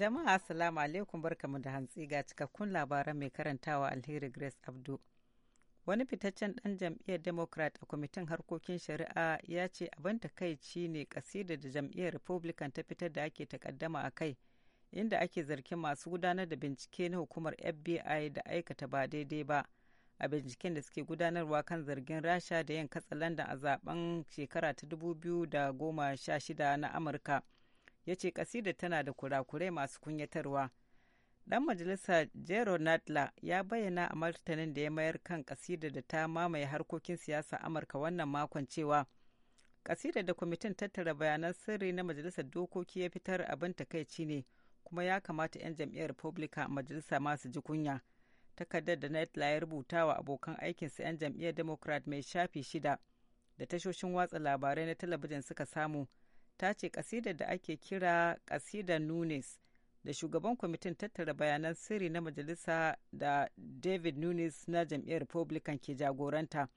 Jama'a Assalamu alaikum barkamu da hantsi ga cikakkun labaran mai karantawa Alheri Grace Abdu. Wani fitaccen dan jam'iyyar Democrat a kwamitin harkokin shari'a ya ce abin takaici ne kasida da jam'iyyar Republican ta fitar da ake takaddama a kai, inda ake zargin masu gudanar da bincike na hukumar FBI da aikata ba daidai ba. a binciken da suke gudanarwa kan zargin rasha da yin katsalandan a zaben shekara ta dubu biyu da goma sha shida na amurka ya ce kasidar tana da kurakurai masu kunyatarwa dan majalisa jero nadler ya bayyana a martanin da ya mayar kan kasidar da ta mamaye harkokin siyasa amurka wannan makon cewa kasidar da kwamitin tattara bayanan sirri na majalisar dokoki ya fitar abin takaici ne kuma ya kamata 'yan jam'iyyar republican majalisa masu ji kunya takardar da nadler ya rubuta wa abokan aikinsa 'yan jam'iyyar democrat mai shafi shida da tashoshin watsa labarai na talabijin suka samu ta ce kasidar da ake kira kasidar nunes da shugaban kwamitin tattara bayanan sirri na majalisa da david nunes na jam'iyyar republican ke jagoranta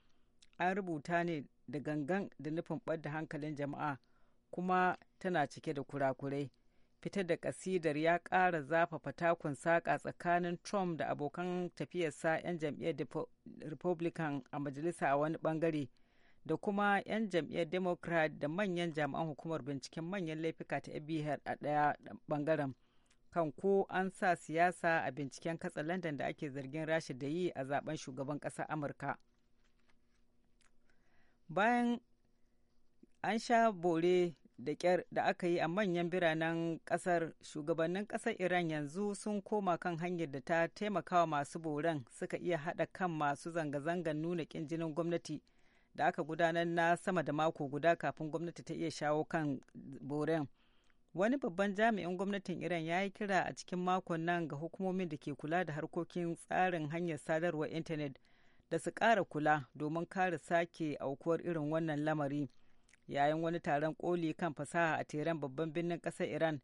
an rubuta ne da gangan da nufin ɓadda hankalin jama'a kuma tana cike da kurakurai fitar da kasidar ya ƙara zafafa takun saƙa tsakanin trump da abokan tafiyarsa 'yan jam'iyyar republican a majalisa a wani ɓangare. da kuma 'yan jam'iyyar democrat da manyan jami'an hukumar binciken manyan laifuka ta fbi a ɗaya bangaren kan ko an sa siyasa a binciken katsa london da ake zargin rashi da yi a zaben shugaban ƙasar amurka bayan an sha bore da ƙyar da aka yi a manyan biranen kasar shugabannin ƙasar iran yanzu sun koma kan hanyar da ta taimakawa masu boran suka iya haɗa kan masu zanga-zangar nuna ƙin jinin gwamnati da aka gudanar na sama da mako guda kafin gwamnati ta iya shawo kan boren wani babban jami'in gwamnatin iran ya yi kira a cikin makon nan ga hukumomin da ke kula da harkokin tsarin hanyar sadarwar intanet da su kara kula domin kare sake aukuwar irin wannan lamari yayin wani taron koli kan fasaha a teran babban birnin ƙasar iran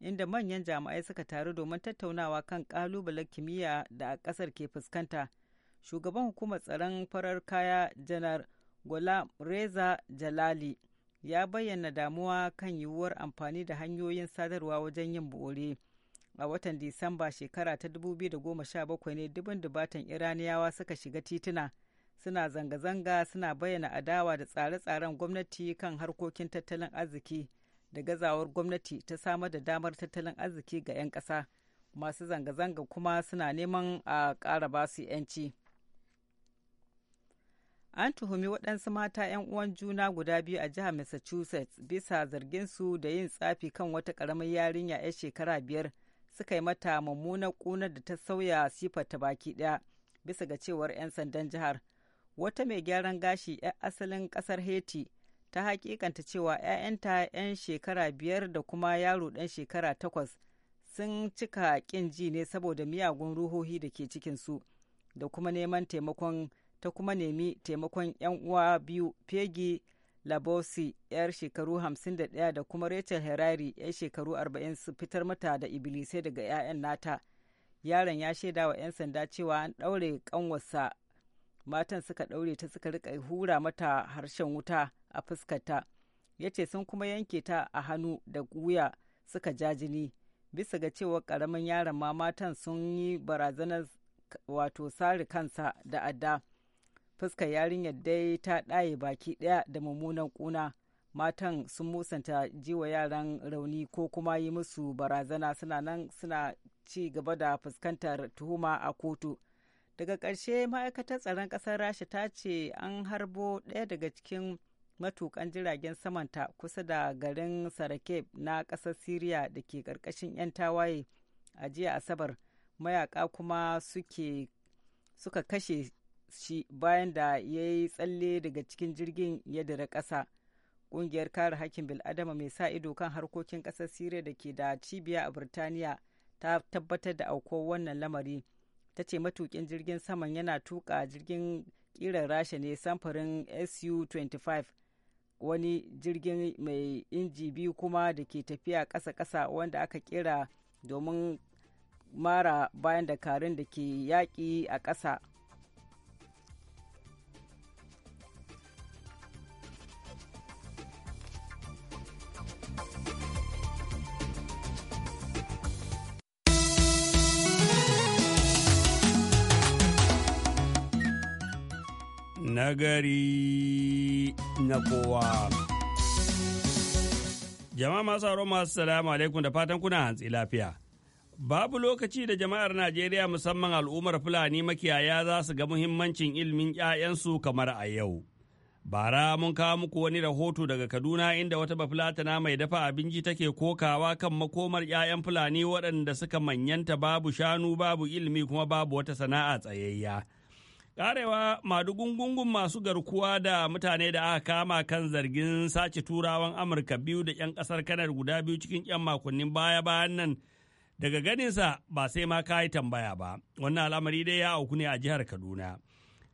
inda manyan jami'ai suka taru domin tattaunawa kan kalubalen kimiyya da a ƙasar ke fuskanta shugaban hukumar tsaron farar kaya janar Gulam Reza Jalali ya bayyana damuwa kan yiwuwar amfani da hanyoyin sadarwa wajen yin bore. A watan Disamba shekara ta 2017 ne dubin dubatan Iraniyawa suka shiga tituna suna zanga-zanga suna bayyana adawa da tsare-tsaren gwamnati kan harkokin tattalin arziki da gazawar gwamnati ta samar da damar tattalin arziki ga 'yan ƙasa. Masu zanga-zanga kuma suna neman a ƙara basu 'yanci. an tuhumi waɗansu mata 'yan uwan juna guda biyu a jihar massachusetts bisa zarginsu da yin tsafi kan wata ƙaramin yarinya 'yar shekara biyar suka yi mata mummunar ƙunar da ta sauya ta baki ɗaya bisa ga cewar 'yan sandan jihar wata mai gyaran gashi 'yan asalin ƙasar haiti ta hakikanta cewa 'ya'yanta 'yan shekara biyar da kuma yaro ɗan shekara takwas sun cika ƙin ji ne saboda miyagun ruhohi da ke cikinsu da kuma neman taimakon ta kuma nemi taimakon 'yan uwa biyu Peggy Labosi 'yar shekaru 51 da kuma Rachel Herari 'yar shekaru 40 su fitar mata da ibilisai daga 'ya'yan nata. Yaron ya shaida wa 'yan sanda cewa an ɗaure ƙanwarsa matan suka ɗaure ta suka rika hura mata harshen wuta a fuskarta. Ya ce sun kuma yanke ta a hannu da wuya suka ja jini. Bisa ga cewa ƙaramin yaron ma matan sun yi barazanar wato sare kansa da adda. fuskar yarinyar dai ta ɗaye baki ɗaya da mummunan ƙuna matan sun musanta jiwa yaran rauni ko kuma yi musu barazana suna nan suna ci gaba da fuskantar tuhuma a kotu daga ƙarshe ma'aikatar tsaron ƙasar rasha ta ce an harbo ɗaya daga cikin matukan jiragen samanta kusa da garin sarakeb na ƙasar siriya da ke ƙarƙashin 'yan tawaye a jiya asabar mayaka kuma suka kashe shi bayan da ya yi tsalle daga cikin jirgin ya dira ƙasa. Ƙungiyar kare hakkin bil'adama mai sa ido kan harkokin ƙasar Siriya da ke da cibiya a Birtaniya ta tabbatar da aukuwar wannan lamari. Ta ce matukin jirgin saman yana tuka jirgin kiran rasha ne samfurin SU-25 wani jirgin mai inji biyu kuma da ke tafiya ƙasa-ƙasa wanda aka ƙira domin mara bayan da karin da ke yaƙi a ƙasa nagari na kowa. Jama'a masu sauro masu salamu alaikum da fatan kuna hantsi lafiya. Babu lokaci da jama'ar Najeriya musamman al'ummar Fulani makiyaya za su ga muhimmancin ilimin 'ya'yansu kamar a yau. Bara mun kawo muku wani rahoto daga Kaduna inda wata bafulatana mai dafa abinci take kokawa kan makomar 'ya'yan Fulani waɗanda suka manyanta babu shanu babu ilimi kuma babu wata sana'a tsayayya. Karewa madugungungun masu garkuwa da mutane da aka kama kan zargin sace turawan Amurka biyu da 'yan kasar kanar guda biyu cikin 'yan makonnin baya-bayan nan daga ganinsa ba sai ma ka yi tambaya ba. Wannan al'amari dai ya auku ne a jihar Kaduna.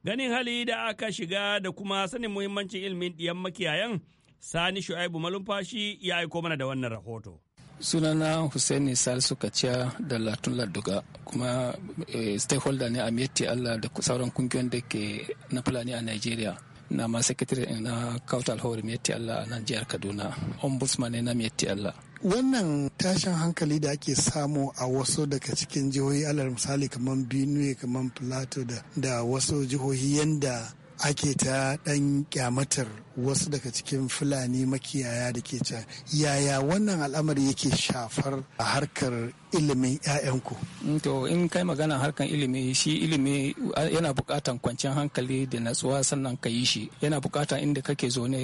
Ganin hali da aka shiga da kuma sanin muhimmancin ilimin ɗiyan makiyayan Sani Shu'aibu Malumfashi ya aiko mana da wannan rahoto. sunana Hussaini salisu kaciya da latun laduga kuma eh, stakeholder ne a meti allah da sauran kungiyoyin da ke na fulani a nigeria na ma secretary na kautal alhawar meti allah a nan jihar kaduna ombudsman ne na meti allah wannan tashin hankali da ake samu a wasu daga cikin jihohi alal misali kamar benue kamar plateau da wasu jihohi yanda ake ta dan kyamatar wasu daga cikin fulani makiyaya da ke can yaya wannan al'amari yake shafar a harkar ilimin 'ya'yanku mm, to in kai magana harkar ilimi shi ilimi yana bukatan kwanciyar hankali da natsuwa sannan ka yi shi yana bukatan inda kake zaune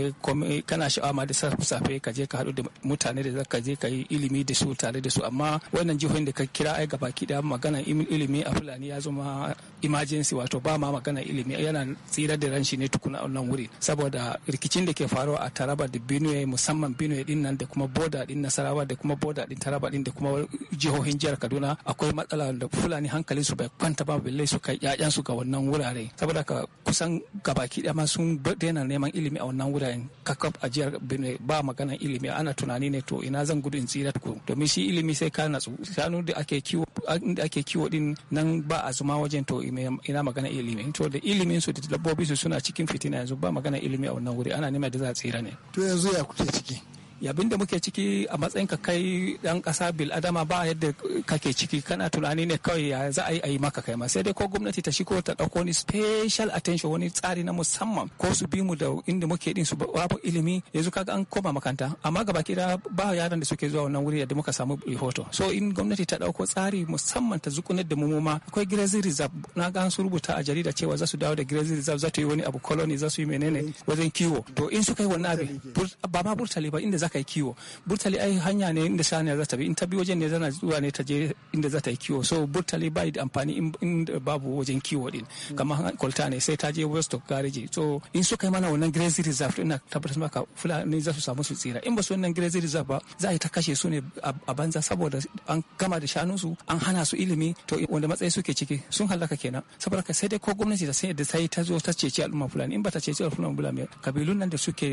kana sha'awa da safe ka je ka haɗu da mutane da zaka je ka yi ilimi da su tare da su amma wannan jihohin da ka kira ai gaba ki da magana ilimi a fulani ya zama emergency wato ba ma magana ilimi yana tsira da ran shi ne tukuna a wannan wuri saboda rikicin da ke faruwa a taraba da benue musamman benue din nan da kuma boda din nasarawa da kuma boda din taraba din da kuma jihohin jihar kaduna akwai matsala da fulani hankalin su bai kwanta ba balle su kai yayan su ga wannan wurare saboda ka kusan gabaki da ma sun daina neman ilimi a wannan wuraren kakab a jihar benue ba maganan ilimi ana tunani ne to ina zan gudu in tsira ku domin shi ilimi sai ka natsu shanu da ake kiwo da ake kiwo din nan ba a zuma wajen to ina magana ilimi to da ilimin su da dabbobi su suna cikin fitina yanzu ba magana ilimi a wannan wuri ana nema da za a tsira ne to yanzu ya kuke ciki yabin da muke ciki a matsayin ka kai dan kasa bil adama ba yadda kake ciki kana tunani ne kawai ya za a yi a yi maka kai ma sai dai ko gwamnati ta shigo ta dauko ni special attention wani tsari na musamman ko su bi mu da inda muke din su babu ilimi yanzu kaga an koma makaranta amma gaba da ba yaran da suke zuwa wannan wuri da muka samu rahoto so in gwamnati ta dauko tsari musamman ta zukunar da mu ma akwai grazi reserve na ga su rubuta a jarida cewa za su dawo da grazi reserve za ta yi wani abu colony za su yi menene wajen kiwo to in suka yi wannan abin ba ma burtali ba inda za ka yi kiwo burtali ai hanya ne inda saniya za ta bi in ta bi wajen ne zana zuwa ne ta je inda za ta yi kiwo so burtali ba da amfani in babu wajen kiwo din kamar kwalta ne sai ta je of gareji so in suka yi mana wannan grazi reserve ina tabbatar maka fulani za su samu su tsira in ba su wannan grazi reserve ba za a yi ta kashe su ne a banza saboda an gama da su an hana su ilimi to wanda matsayi suke ciki sun halaka kenan saboda ka sai dai ko gwamnati ta sai da ta yi ta zo ta ceci al'umma fulani in ba ta ceci al'umma fulani kabilun nan da suke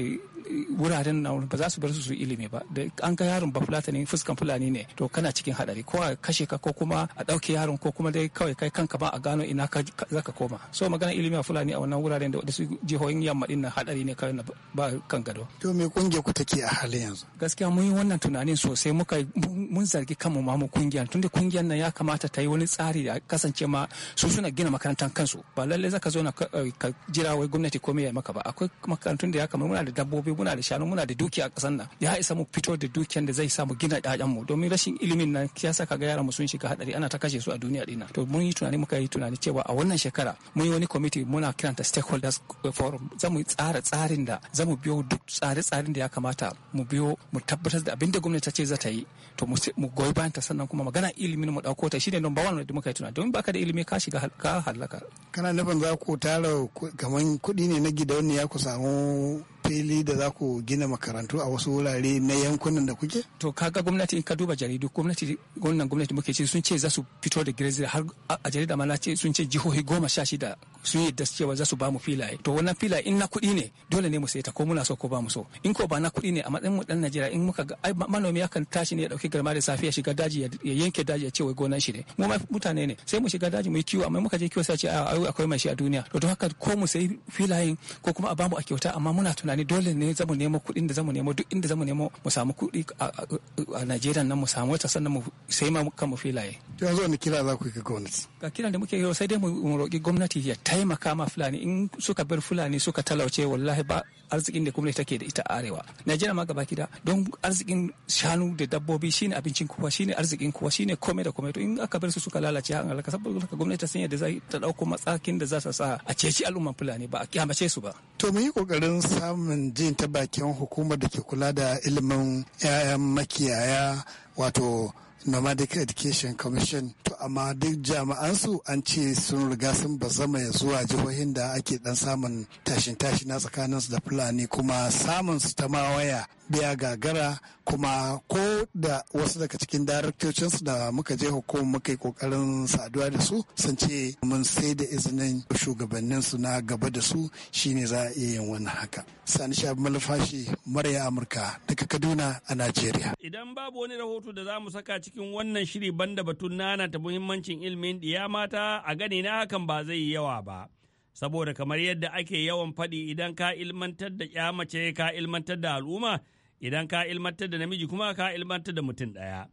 wuraren na ba za su bar su su ilimi ba da an ga yaron ba fulani fuskan fulani ne to kana cikin hadari ko a kashe ka ko kuma a dauke yaron ko kuma dai kawai kai kanka ba a gano ina ka zaka koma so magana ilimi a fulani a wannan wuraren da su jihohin yamma din nan hadari ne kawai ba kan gado to me kungiyar ku take a halin yanzu gaskiya mun yi wannan tunanin sosai muka mun zargi kanmu ma mu kungiyar tunda kungiyar nan ya kamata ta yi wani tsari da kasance ma su suna gina makarantar kansu ba lalle zaka zo na ka jira wai gwamnati ko me ya maka ba akwai makarantun da ya kamata muna da dabbobi muna da shanu muna da dukiya a ƙasar nan ya isa mu fito da dukiyan da zai sa mu gina mu domin rashin ilimin nan ya saka ga yaran mu sun shiga hadari ana ta kashe su a duniya dina to mun yi tunani muka yi tunani cewa a wannan shekara mun yi wani committee muna kiranta stakeholders forum za mu tsara tsarin da za mu biyo duk tsare tsarin da ya kamata mu biyo mu tabbatar da abin da gwamnati ta ce za ta yi to mu goyi bayan ta sannan kuma magana ilimin mu dauko ta shine number 1 da muka yi tunani domin baka da ilimi ka shiga ka halaka kana nufin za ku tara kaman kuɗi ne na gidauniya ku samu fili da za ku gina makarantu a wasu wurare na yankunan da kuke? To kaga gwamnati in ka duba jaridu gwamnati wannan gwamnati muke ce sun ce za su fito da girezi har a jarida ma na ce sun ce jihohi goma sha shida sun yadda cewa za su ba mu filaye to wannan filaye in na kuɗi ne dole ne mu ta ko muna so ko ba mu so in ko ba na kuɗi ne a matsayin mu dan Najeriya in muka ga manomi yakan tashi ne ya dauki garma da safiya shiga daji ya yanke daji ya ce wai gonan shi ne mu ma mutane ne sai mu shiga daji mu yi kiwo amma muka je kiwo sai ce a akwai mai shi a duniya to don haka ko mu sai filayen ko kuma a ba mu a kyauta amma muna tunani dole ne zamu nemo kuɗin da zamu nemo duk inda zamu nemo mu samu kuɗi a Najeriya nan mu samu wata sannan mu sai ma mu filaye. Yanzu wani kira za ku yi ga gwamnati? Ga kiran da muke yi sai dai mu roƙi gwamnati ya taimaka ma fulani in suka bar fulani suka talauce wallahi ba arzikin da gwamnati take da ita arewa najeriya ma gaba gida don arzikin shanu da dabbobi shine abincin kowa shine arzikin kowa shine komai da komai to in aka bar su suka lalace hakan alaka saboda gwamnati ta sanya da za ta dauko matsakin da za ta sa a ceci al'umman fulani ba a kyamace su ba to mu yi kokarin samun jin ta bakin hukumar da ke kula da ilimin 'ya'yan makiyaya wato nomadic education commission to amma duk jami'ansu an ce sun riga sun bazama ya zuwa jihohin da ake dan samun tashin tashi na tsakaninsu da fulani kuma samun su ta mawaya biya gagara kuma ko da wasu daga cikin daraktocinsu da muka je hukumar muka yi kokarin saduwa da su sun ce mun sai da izinin shugabannin su na gaba da su shine za a iya yin wannan haka sani sha malfashi marya amurka daga kaduna a najeriya idan babu wani rahoto da za mu saka cikin wannan shiri banda batun nana ta muhimmancin ilimin ɗiya mata a gani na hakan ba zai yi yawa ba saboda kamar yadda ake yawan faɗi idan ka ilmantar da ya mace ka ilmantar da al'umma idan ka ilmantar da namiji kuma ka ilmantar da mutum ɗaya.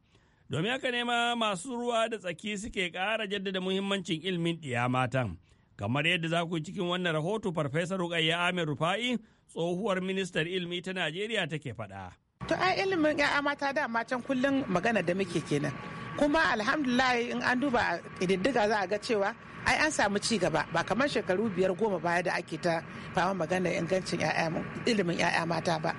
Domin haka nema masu ruwa da tsaki suke ƙara jaddada muhimmancin ilmin ɗiya matan. Kamar yadda za ku cikin wannan rahoto Farfesa Rukayya amir Rufa'i tsohuwar ministar ilmi ta Najeriya take faɗa. To ai ilimin ‘ya'ya mata da matan kullum magana da muke kenan. Kuma alhamdulillah in an duba ƙididdiga za a ga cewa ai an samu ci gaba ba kamar shekaru biyar goma baya da ake ta fama magana ingancin ilimin ‘ya'ya mata ba.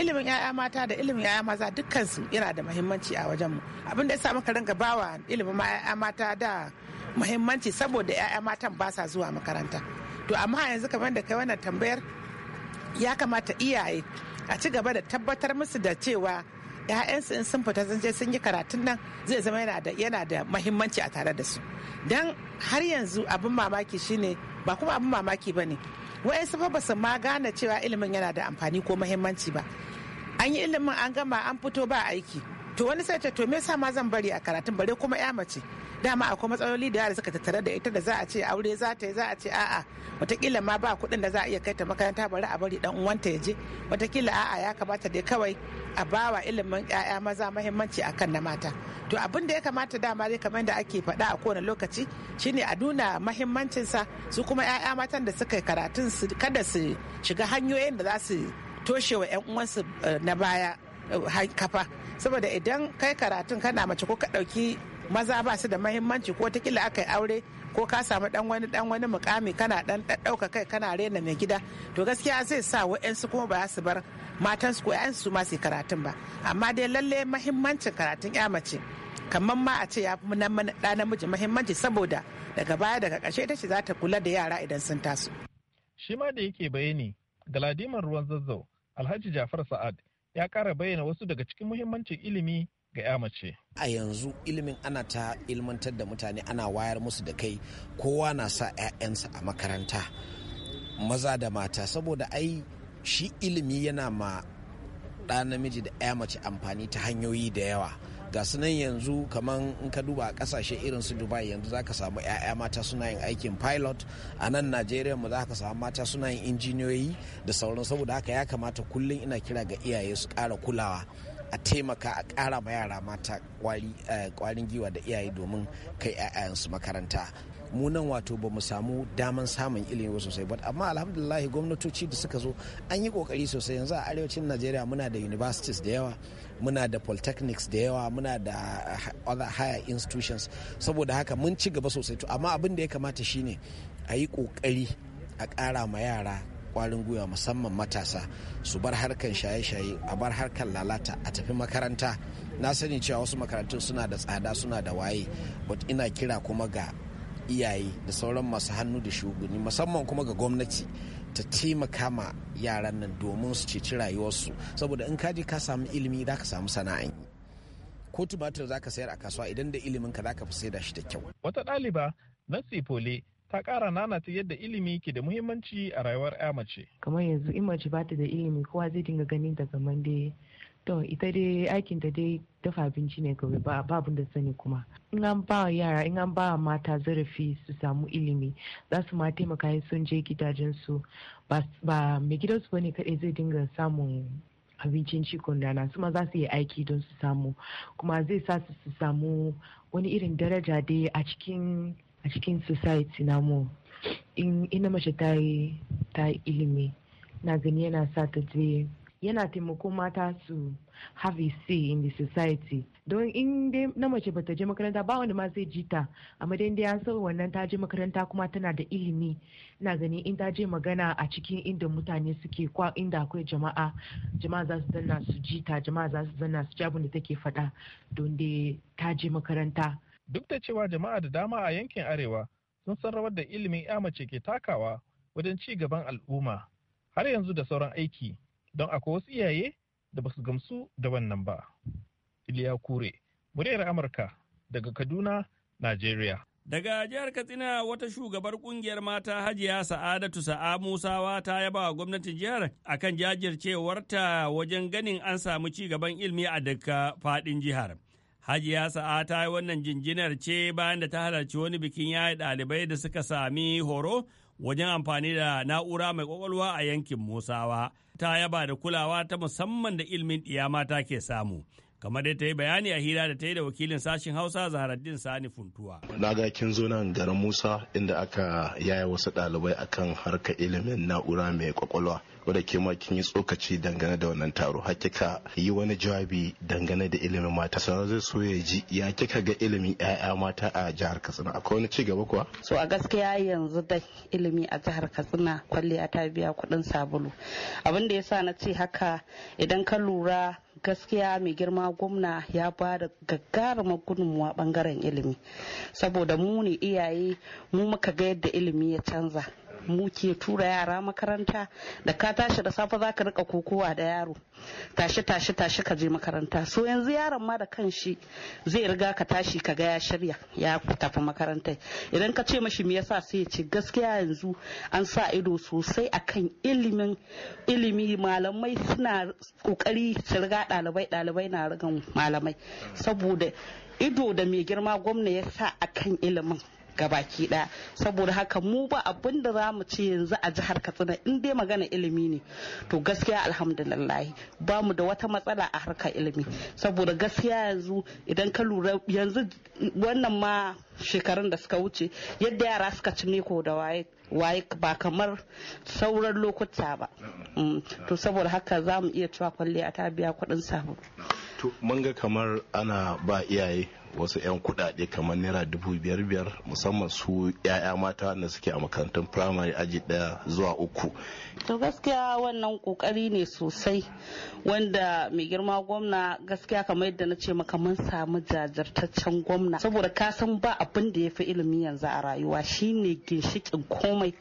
ilimin 'ya'ya mata da ilimin 'ya'ya maza dukkansu yana da muhimmanci a wajen wajenmu abin da ya sa muka ringa bawa ilimin 'ya'ya mata da muhimmanci saboda 'ya'ya matan ba sa zuwa makaranta to amma yanzu kamar da kai wannan tambayar ya kamata iyaye a ci gaba da tabbatar musu da cewa 'ya'yansu in sun fita sun je sun yi karatun nan zai zama yana da yana da muhimmanci a tare da su dan har yanzu abin mamaki shine ba kuma abin mamaki bane wa'yansu fa su ma gane cewa ilimin yana da amfani ko muhimmanci ba an yi ilimin an gama an fito ba aiki to wani sai ta to me yasa ma zan bari a karatun bare kuma ya mace dama akwai matsaloli da yara suka tattare da ita da za a ce aure za ta yi za a ce a'a watakila ma ba kuɗin da za a iya kai ta makaranta bari a bari dan uwanta ya je watakila a'a ya kamata dai kawai a bawa ilimin yaya maza muhimmanci akan na mata to abin da ya kamata dama dai kamar da ake faɗa a kowane lokaci shine a nuna sa su kuma yaya matan da suka karatun su kada su shiga hanyoyin da za su toshe wa 'yan uwansu eh, na baya eh, kafa saboda idan kai karatun kana mace ko ka dauki maza ba su da mahimmanci ko ta kila aka yi aure ko ka samu dan wani dan wani mukami kana dan dauka kai kana rena mai gida to gaskiya zai sa wa'yansu kuma ba su bar matan su ko su ma su karatun ba amma dai lalle mahimmancin karatun ya mace kamar ma a ce ya fi da namiji mahimmanci saboda daga baya daga ƙarshe ita ce za ta kula da yara idan sun taso. shi ma da yake bayani galadimar ruwan zazzau alhaji jafar sa'ad ya ƙara bayyana wasu daga cikin muhimmancin ilimi ga ya mace. A yanzu ilimin ana ta ilmantar da mutane ana wayar musu da kai kowa na sa 'ya'yansa a makaranta maza da mata saboda ai shi ilimi yana ma ɗa namiji da 'ya mace amfani ta hanyoyi da yawa. ga sunan yanzu kaman in ka duba a kasashe irin su dubai yanzu za ka samu 'ya'ya mata suna yin aikin pilot a nan najeriya mu za ka samu mata suna yin injiniyoyi da sauran saboda haka ya kamata kullum ina kira ga iyaye su kara kulawa a taimaka a ƙara ma yara mata kwarin eh, giwa da iyaye domin kai 'ya'yansu makaranta mu nan wato ba mu samu daman samun ilimi sosai ba amma alhamdulillah gwamnatoci da suka zo an yi kokari sosai yanzu a arewacin najeriya muna da universities da yawa muna da polytechnics da yawa muna da other higher institutions saboda haka mun ci gaba sosai to amma abin da ya kamata shine a yi kokari a kara ma yara kwarin gwiwa musamman matasa su bar harkan shaye-shaye a bar harkan lalata a tafi makaranta na sani cewa wasu makarantun suna da tsada suna da waye but ina kira kuma ga iyaye da sauran masu hannu da shuguni musamman kuma ga gwamnati ta taimaka ma yaran nan domin su ceci rayuwarsu saboda in kaji ka samu ilimi za ka samu sana'an yi ko tumatir za ka sayar a kasuwa idan da ilimin ka za ka fi saida shi da kyau. Wata ɗaliba na sifole ta ƙara ta yadda ilimi ke da muhimmanci a rayuwar 'ya mace. Kamar yanzu in mace ba ta da ilimi kowa zai dinga ganin daga mande to ita dai aikin ta dai dafa abinci ne kawai ba abin da sani kuma in an ba yara in an ba mata zarafi su samu ilimi za su ma taimaka in sun je su ba mai gidansu bane kadai zai dinga samun abincin cikon rana su ma za su yi aiki don su samu kuma zai sa su su samu wani irin daraja dai a cikin a cikin society namu in ina mace ta yi ilimi na gani yana sa ta je yana taimako mata su have a say in the society don in dai na mace bata je makaranta ba wanda ma zai ji ta amma dai ya san wannan ta je makaranta kuma tana da ilimi na gani in ta je magana a cikin inda mutane suke kwa inda akwai jama'a jama'a za su zanna su ji jama'a za su zanna su ji abin da take faɗa don dai ta je makaranta duk da cewa jama'a da dama a yankin arewa sun san rawar da ilimin ya mace ke takawa wajen ci gaban al'umma har yanzu da sauran aiki don akwai wasu iyaye da basu gamsu da wannan ba. Iliya Kure, muryar Amurka daga Kaduna, Najeriya. Daga jihar Katsina wata shugabar kungiyar mata Hajiya Sa'adatu Sa'a Musawa ta yaba wa gwamnatin jihar akan jajircewarta wajen ganin an samu ci gaban ilmi a duka fadin jihar. Hajiya Sa'a ta yi wannan jinjinar ce bayan da ta halarci wani bikin yi ɗalibai da suka sami horo wajen amfani da na'ura mai kwakwalwa a yankin Musawa. ta yaba da kulawa ta musamman da ilimin mata ke samu. kamar dai ta yi bayani a hira da ta yi da wakilin sashen hausa zaharaddin sani funtuwa na ga kin zo nan garin musa inda aka yaya wasu ɗalibai akan harka ilimin na'ura mai kwakwalwa wadda ke ma kin yi tsokaci dangane da wannan taro hakika yi wani jawabi dangane da ilimin mata sanar zai so ya ji ya kika ga ilimin 'ya'ya mata a jihar katsina akwai wani ci gaba kuwa so a gaskiya yanzu dai ilimi a jihar katsina kwalliya ta biya kuɗin sabulu abin da yasa na ce haka idan ka lura gaskiya mai girma gwamna ya ba da gagarumar gudunmuwa bangaren ilimi saboda mu ne iyaye mu muka ga yadda ilimi ya canza Muke tura yara makaranta da ka tashi da safe zaka rika kokowa da yaro tashi tashi tashi ka je makaranta so yanzu yaron ma da kanshi zai riga ka tashi ka ga ya shirya ya tafi makaranta idan ka ce mashi me yasa sai ya ce gaskiya yanzu an sa ido sosai akan ilimin ilimi malamai suna kokari su riga dalibai dalibai na rigan malamai saboda ido da mai girma gwamna ya sa akan ilimin gabaki ɗaya saboda haka mu ba abin da za mu ce yanzu a jihar katsina in dai magana ilimi ne to gaskiya alhamdulillah ba mu da wata matsala a harka ilimi saboda gaskiya yanzu idan ka lura yanzu wannan ma shekarun da suka wuce yadda yara suka ci meko da waye waye ba kamar sauran lokuta ba mm, to saboda haka za mu iya cewa kwalliya ta biya kuɗin sabulu to mun ga kamar ana ba iyaye wasu 'yan kuɗaɗe kamar naira dubu biyar biyar musamman su 'ya'ya mata da suke a makarantun firamare aji ɗaya zuwa uku to gaskiya wannan kokari ne sosai wanda mai girma gwamna gaskiya kamar yadda na ce maka mun samu jajirtaccen gwamna saboda ka san ba abin da ya fi ilimi yanzu a rayuwa shine ginshikin komai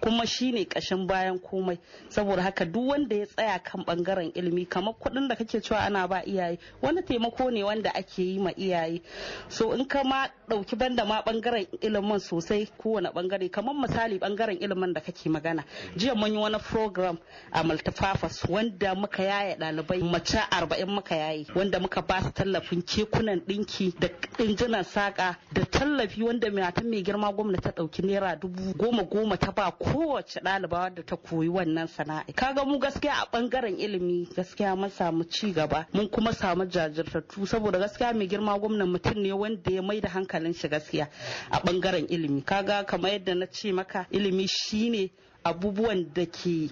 kuma shi ne kashin bayan komai saboda haka duk wanda ya tsaya kan bangaren ilimi kamar kuɗin da kake cewa ana ba iyaye wani taimako ne wanda ake yi ma iyaye so in ka ma ɗauki banda ma bangaren ilimin sosai kowane bangare kamar misali bangaren ilimin da kake magana jiya mun yi wani program a multifafas wanda muka yaya ɗalibai mace arba'in muka yaye wanda muka ba su tallafin kekunan ɗinki da injinan saƙa da tallafi wanda mai girma gwamnati ta ɗauki naira dubu goma goma ta ba kowace ɗaliba wadda ta koyi wannan sana'a kaga mu gaskiya a bangaren ilimi gaskiya mun samu ci gaba mun kuma samu jajirtattu saboda gaskiya mai girma gwamnan mutum ne wanda ya mai da hankalin shi gaskiya a bangaren ilimi kaga kamar yadda na ce maka ilimi shine abubuwan da ke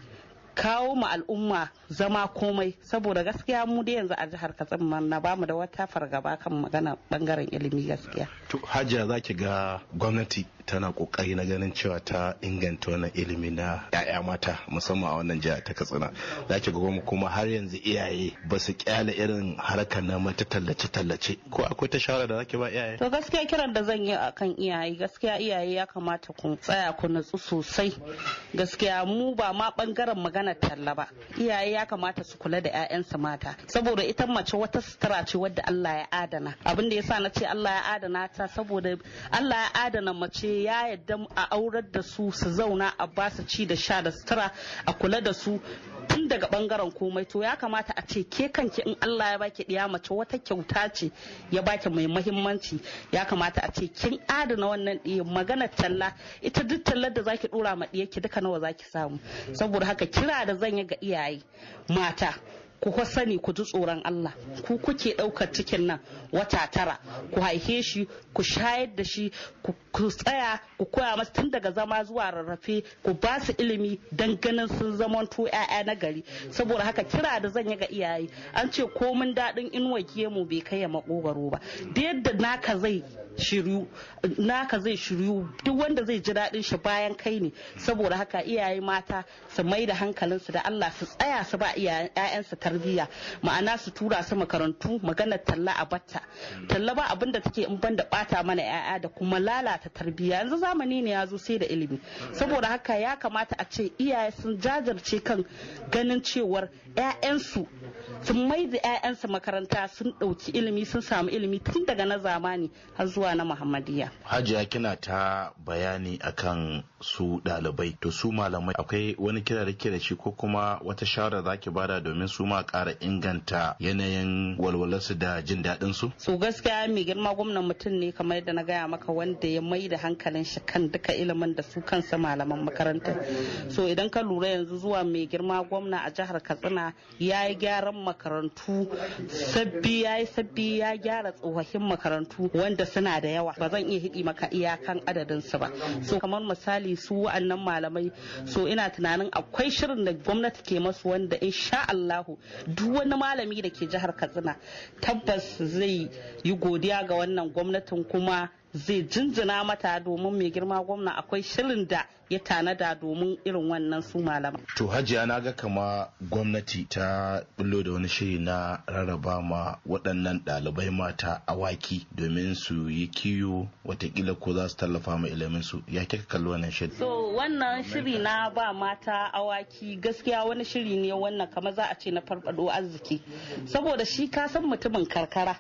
kawo ma al'umma zama komai saboda gaskiya mu da yanzu a jihar katsina na bamu da wata fargaba kan magana bangaren ilimi gaskiya to hajiya zaki ga gwamnati tana kokari na ganin cewa ta inganta wannan ilimi na 'ya'ya mata musamman a wannan jiha ta katsina za ki ga kuma har yanzu iyaye ba su kyale irin harkar na mata tallace tallace ko akwai ta shawara da zaki ba iyaye to gaskiya kiran da zan yi akan iyaye gaskiya iyaye ya kamata ku tsaya ku natsu sosai gaskiya mu ba ma bangaren magana talla ba iyaye ya kamata su kula da 'ya'yansu mata saboda ita mace wata sutura ce wadda Allah ya adana abin da yasa na ce Allah ya adana ta saboda Allah ya adana mace ya yadda a aurar da su su zauna a basu ci da sha da sutura a kula da su tun daga bangaren komai to ya kamata a ce ke kanki in Allah ya baki ɗiya mace wata kyauta ce ya baki mai mahimmanci ya kamata a ce kin adana wannan ɗiya maganar talla ita duk tallar da zaki dora ma ɗiyarki duka nawa zaki samu saboda haka kira da zan yi ga iyaye mata ku kwa sani ku ji tsoron Allah ku kuke ɗaukar cikin nan wata tara ku haife shi ku shayar da shi ku tsaya ku koya masa tun daga zama zuwa rarrafe ku ba su ilimi dan ganin sun to 'ya'ya na gari saboda haka kira da zan yi ga iyaye an ce komin daɗin inuwa mu bai kai ya makogaro ba da yadda naka zai shiryu naka zai shiryu duk wanda zai ji daɗin shi bayan kai ne saboda haka iyaye mata su mai da hankalinsu da Allah su tsaya su ba su. tarbiyya ma'ana su tura su makarantu maganar talla a batta talla ba abin da take in da bata mana yaya da kuma lalata tarbiyya yanzu zamani ne ya zo sai da ilimi saboda haka ya kamata a ce iyaye sun jajirce kan ganin cewar 'ya'yansu sun maida 'ya'yansu makaranta sun ɗauki ilimi sun samu ilimi tun daga na zamani har zuwa na muhammadiyya hajiya kina ta bayani akan su ɗalibai to su malamai akwai wani kira da ke da shi ko kuma wata shawara za ki bada domin su ma ƙara inganta yanayin walwalarsu da jin daɗin su su gaskiya mai girma gwamnan mutum ne kamar yadda na gaya maka wanda ya da hankalin shi kan duka ilimin da su kansa malaman makaranta so idan ka lura yanzu zuwa mai girma gwamna a jihar katsina ya yi gyaran makarantu sabbi ya yi sabbi ya gyara tsofaffin makarantu wanda suna da yawa ba zan iya hidi maka iyakan adadin su ba so kamar misali su wa'annan malamai so ina tunanin akwai shirin da gwamnati ke masu wanda insha Allahu duk wani malami da ke jihar Katsina tabbas zai yi godiya ga wannan gwamnatin kuma zai jinjina mata domin mai girma gwamna akwai shirin da ya tanada domin irin wannan su malaman. To hajiya na ga kama gwamnati ta bullo da wani shiri na rarraba ma waɗannan ɗalibai mata awaki domin su yi kiyo watakila ko za su tallafa ma ilimin su ya kika kalli wannan shiri. So wannan shiri na ba mata awaki gaskiya wani shiri ne wannan kama za a ce na farfado arziki saboda shi ka san mutumin karkara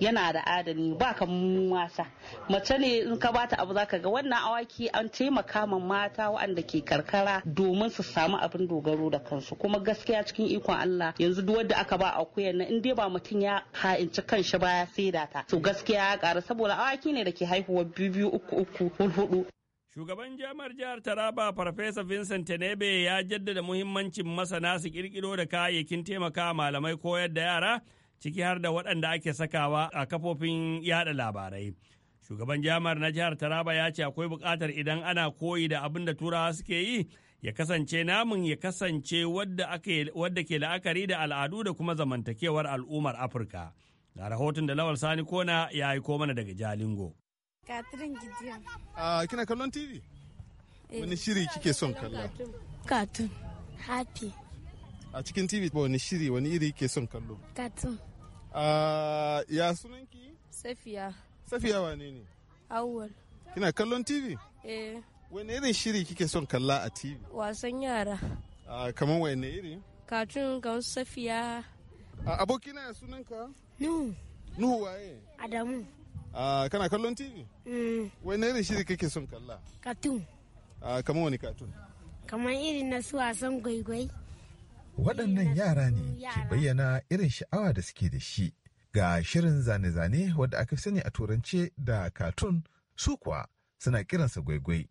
yana da adani ba ka wasa mace ne in ka bata abu zaka ga wannan awaki an taimaka ma mata waɗanda ke karkara domin su samu abin dogaro da kansu kuma gaskiya cikin ikon Allah yanzu duk wanda aka ba akuyar nan in dai ba mutum ya ha'inci kanshi baya sai da ta to gaskiya ya ƙara saboda awaki ne da ke haihuwa biyu biyu uku uku hudu Shugaban jami'ar jihar Taraba Farfesa Vincent Tenebe ya jaddada muhimmancin masana su kirkiro da kayayyakin taimaka malamai koyar da yara ciki har da waɗanda ake sakawa a kafofin yada labarai. Shugaban jami'ar na jihar Taraba ya ce akwai buƙatar idan ana koyi da abin da Turawa suke yi ya kasance namun ya kasance wadda ke la'akari da al'adu da kuma zamantakewar al'ummar Afirka. Ga rahoton da Lawal Sani Kona ya ko mana daga Jalingo. Katrin Gideon. Ah, kina kallon TV? Eh, wani shiri kike son kalla? Katun. Happy. A cikin TV ba wani shiri wani iri kike son kallo? Katun. Ah, ya sunanki? Safiya. Safiya wane ne? Awwal. Kina kallon TV? Eh. Wane irin shiri kike son kalla a TV? Wasan yara. Ah, kamar wane iri? Katun kamar Safiya. Ah, abokina ya sunanka? Nuhu. Nuhu waye? Adamu. Ah, kana kallon TV? Mm. Wane irin shiri kake son kalla? Katun. Ah, kamar wani katun? Kamar irin na su wasan gwaigwai. Waɗannan yara ne ke bayyana irin sha'awa da suke da shi ga shirin zane-zane wadda aka fi sani a turance da katun su kuwa suna kiransa gwaigwai.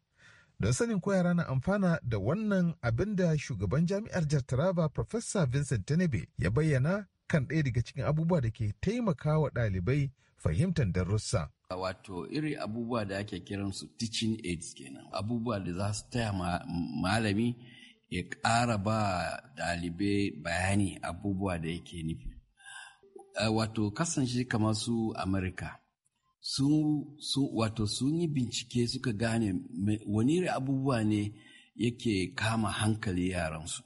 Don sanin koya yara amfana da wannan abin da shugaban jami'ar Jartaraba Taraba Professor Vincent Tenebe ya bayyana kan ɗaya daga cikin abubuwa da ke taimaka wa ɗalibai fahimtar darussa. Wato iri abubuwa da ake kiransu teaching aids kenan abubuwa da za su taya malami ya ƙara ba ɗalibai bayani abubuwa da yake nufi. Eh, wato kasance kamar su Amerika. Sun wato sun yi bincike suka gane wani abubuwa ne yake kama hankali yaransu.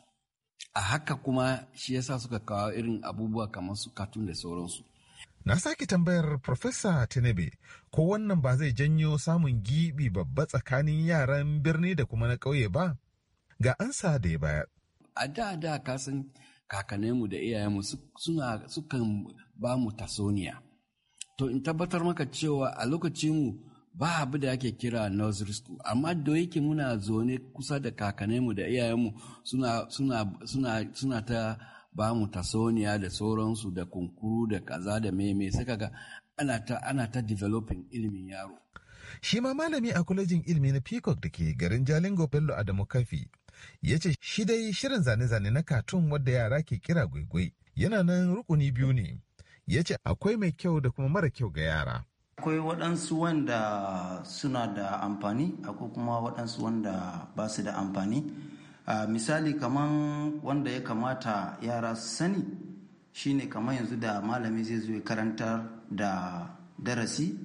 A haka kuma shi yasa suka kawo irin abubuwa kamar su katun da sauransu. Na sake tambayar Profesa Tinebe ko wannan ba zai janyo samun gibi babba tsakanin yaran birni da kuma na ƙauye ba? Ga ansa da ya bayar. A da da kasan kakanninmu da iyayenmu suna sukan ba mu tasoniya to in tabbatar maka cewa a lokacinmu ba abu da ake kira nursery school amma da yake muna zaune kusa da kakanninmu da iyayenmu suna suna suna suna ta ba mu tasoniya da sauransu da kunkuru da kaza da meme sai kaga ana ta ana ta developing ilimin yaro shi ma malami a kwalejin ilimi na peacock da ke garin jalingo bello adamu kafi ya ce shi dai shirin zane-zane na katun wadda yara ke kira gwaigwai yana nan rukuni biyu ne ya ce akwai mai kyau da kuma mara kyau ga yara akwai waɗansu wanda suna da amfani akwai kuma waɗansu wanda ba su da amfani misali kamar wanda ya kamata yara su sani shine kamar yanzu da malami zai zo karantar da darasi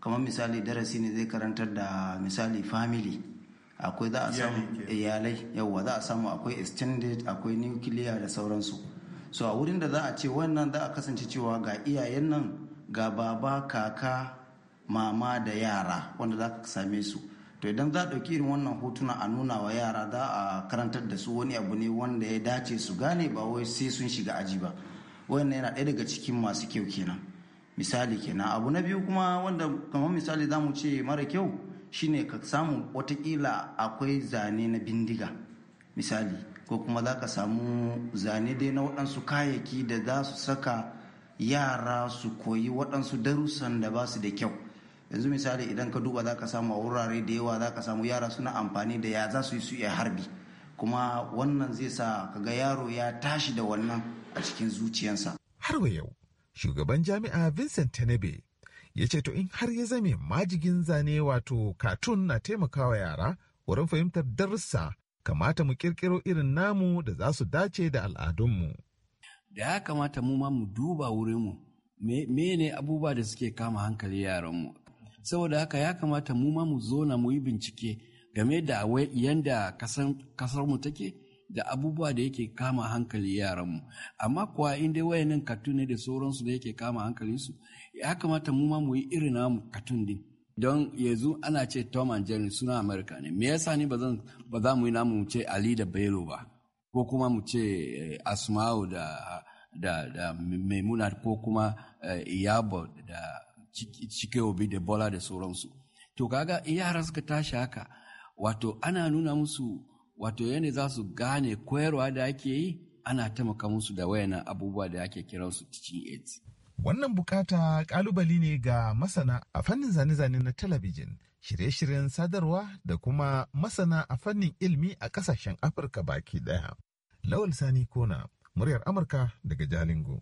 kamar misali darasi ne zai karantar da misali family akwai za a samu iyalai yawa za a samu akwai extended akwai nuclear da sauransu so a wurin da za a ce wannan za a kasance cewa ga iyayen nan ga baba kaka mama da yara wanda za ka same su to idan za a ɗauki irin wannan hotuna a nuna wa yara za a karantar da su wani abu ne wanda ya dace su gane ba wai sai sun shiga aji ba wannan yana ɗaya daga cikin masu kyau kenan misali kenan abu na biyu kuma wanda kamar misali za mu ce mara kyau shine ka samu watakila akwai zane na bindiga misali ko kuma za ka samu zane dai na waɗansu kayayyaki da za su saka yara su koyi waɗansu darussan da ba su da kyau yanzu misali idan ka duba za ka samu a wurare da yawa za ka samu yara suna amfani da ya za su yi su iya harbi kuma wannan zai sa kaga yaro ya tashi da wannan a cikin zuciyarsa. Har wa yau, shugaban jami'a Vincent Tenebe ya ce to in har ya zame majigin zane wato katun na taimakawa yara wurin fahimtar darussa kamata mu kirkiro irin namu da za su dace da al'adunmu. Da ya kamata mu ma mu duba wurinmu me ne abubuwa da suke kama hankali yaranmu. Saboda haka ya kamata mu ma mu zo na mu yi bincike game da yanda kasarmu take da abubuwa da yake kama hankali yaran mu. amma kuwa in dai wayannan katun ne da sauransu da yake kama su, ya kamata mu ma mu yi irin namu katun din don yanzu ana ce Tom and Jerry suna America ne me yasa ni bazan ba za mu yi namu mu ce Ali da Bello ba ko kuma mu ce eh, Asma'u da da da Maimuna ko kuma eh, Iyabo da Chike Obi da Bola da sauransu to kaga yara suka tashi haka wato ana nuna musu wato yane za su gane koyarwa da ake yi ana taimaka musu da wayana abubuwa da ake kiransu teaching aids Wannan bukata kalubali ne ga masana a fannin zane-zane na talabijin, shirye-shiryen sadarwa da kuma masana a fannin ilmi a kasashen Afirka baki daya. Lawal Sani Kona, muryar Amurka daga Jalingo.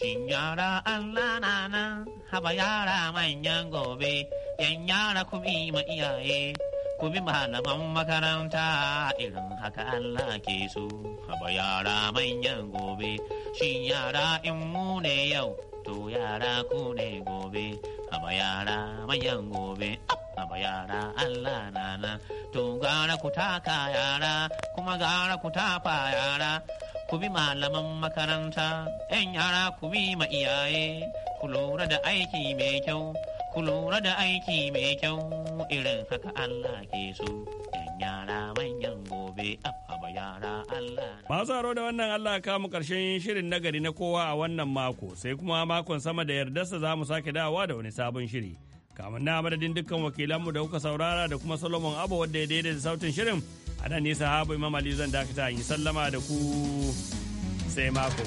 Shin yara Allah na nan, haba yara manyan gobe. yan yara ku ma iyaye ku malaman makaranta irin haka Allah ke so haba yara manyan gobe shi yara in mu ne yau to yara ku ne gobe haba yara manyan gobe haba yara Allah nana to gara ku taka yara kuma gara ku tafa yara ku bi malaman makaranta yan yara ku ma iyaye ku lura da aiki mai kyau ku lura da aiki mai kyau irin haka Allah ke so. yara manyan gobe abba yara Allah. Masu da wannan Allah ka mu karshen shirin nagari na kowa a wannan mako sai kuma makon sama da yardarsa za mu sake dawowa da wani sabon shiri. Kamar na madadin dukkan wakilanmu da kuka saurara da kuma Solomon Abba wanda ya daidaita sautin shirin a nan ne habu Imam Ali zan dakata in sallama da ku sai mako.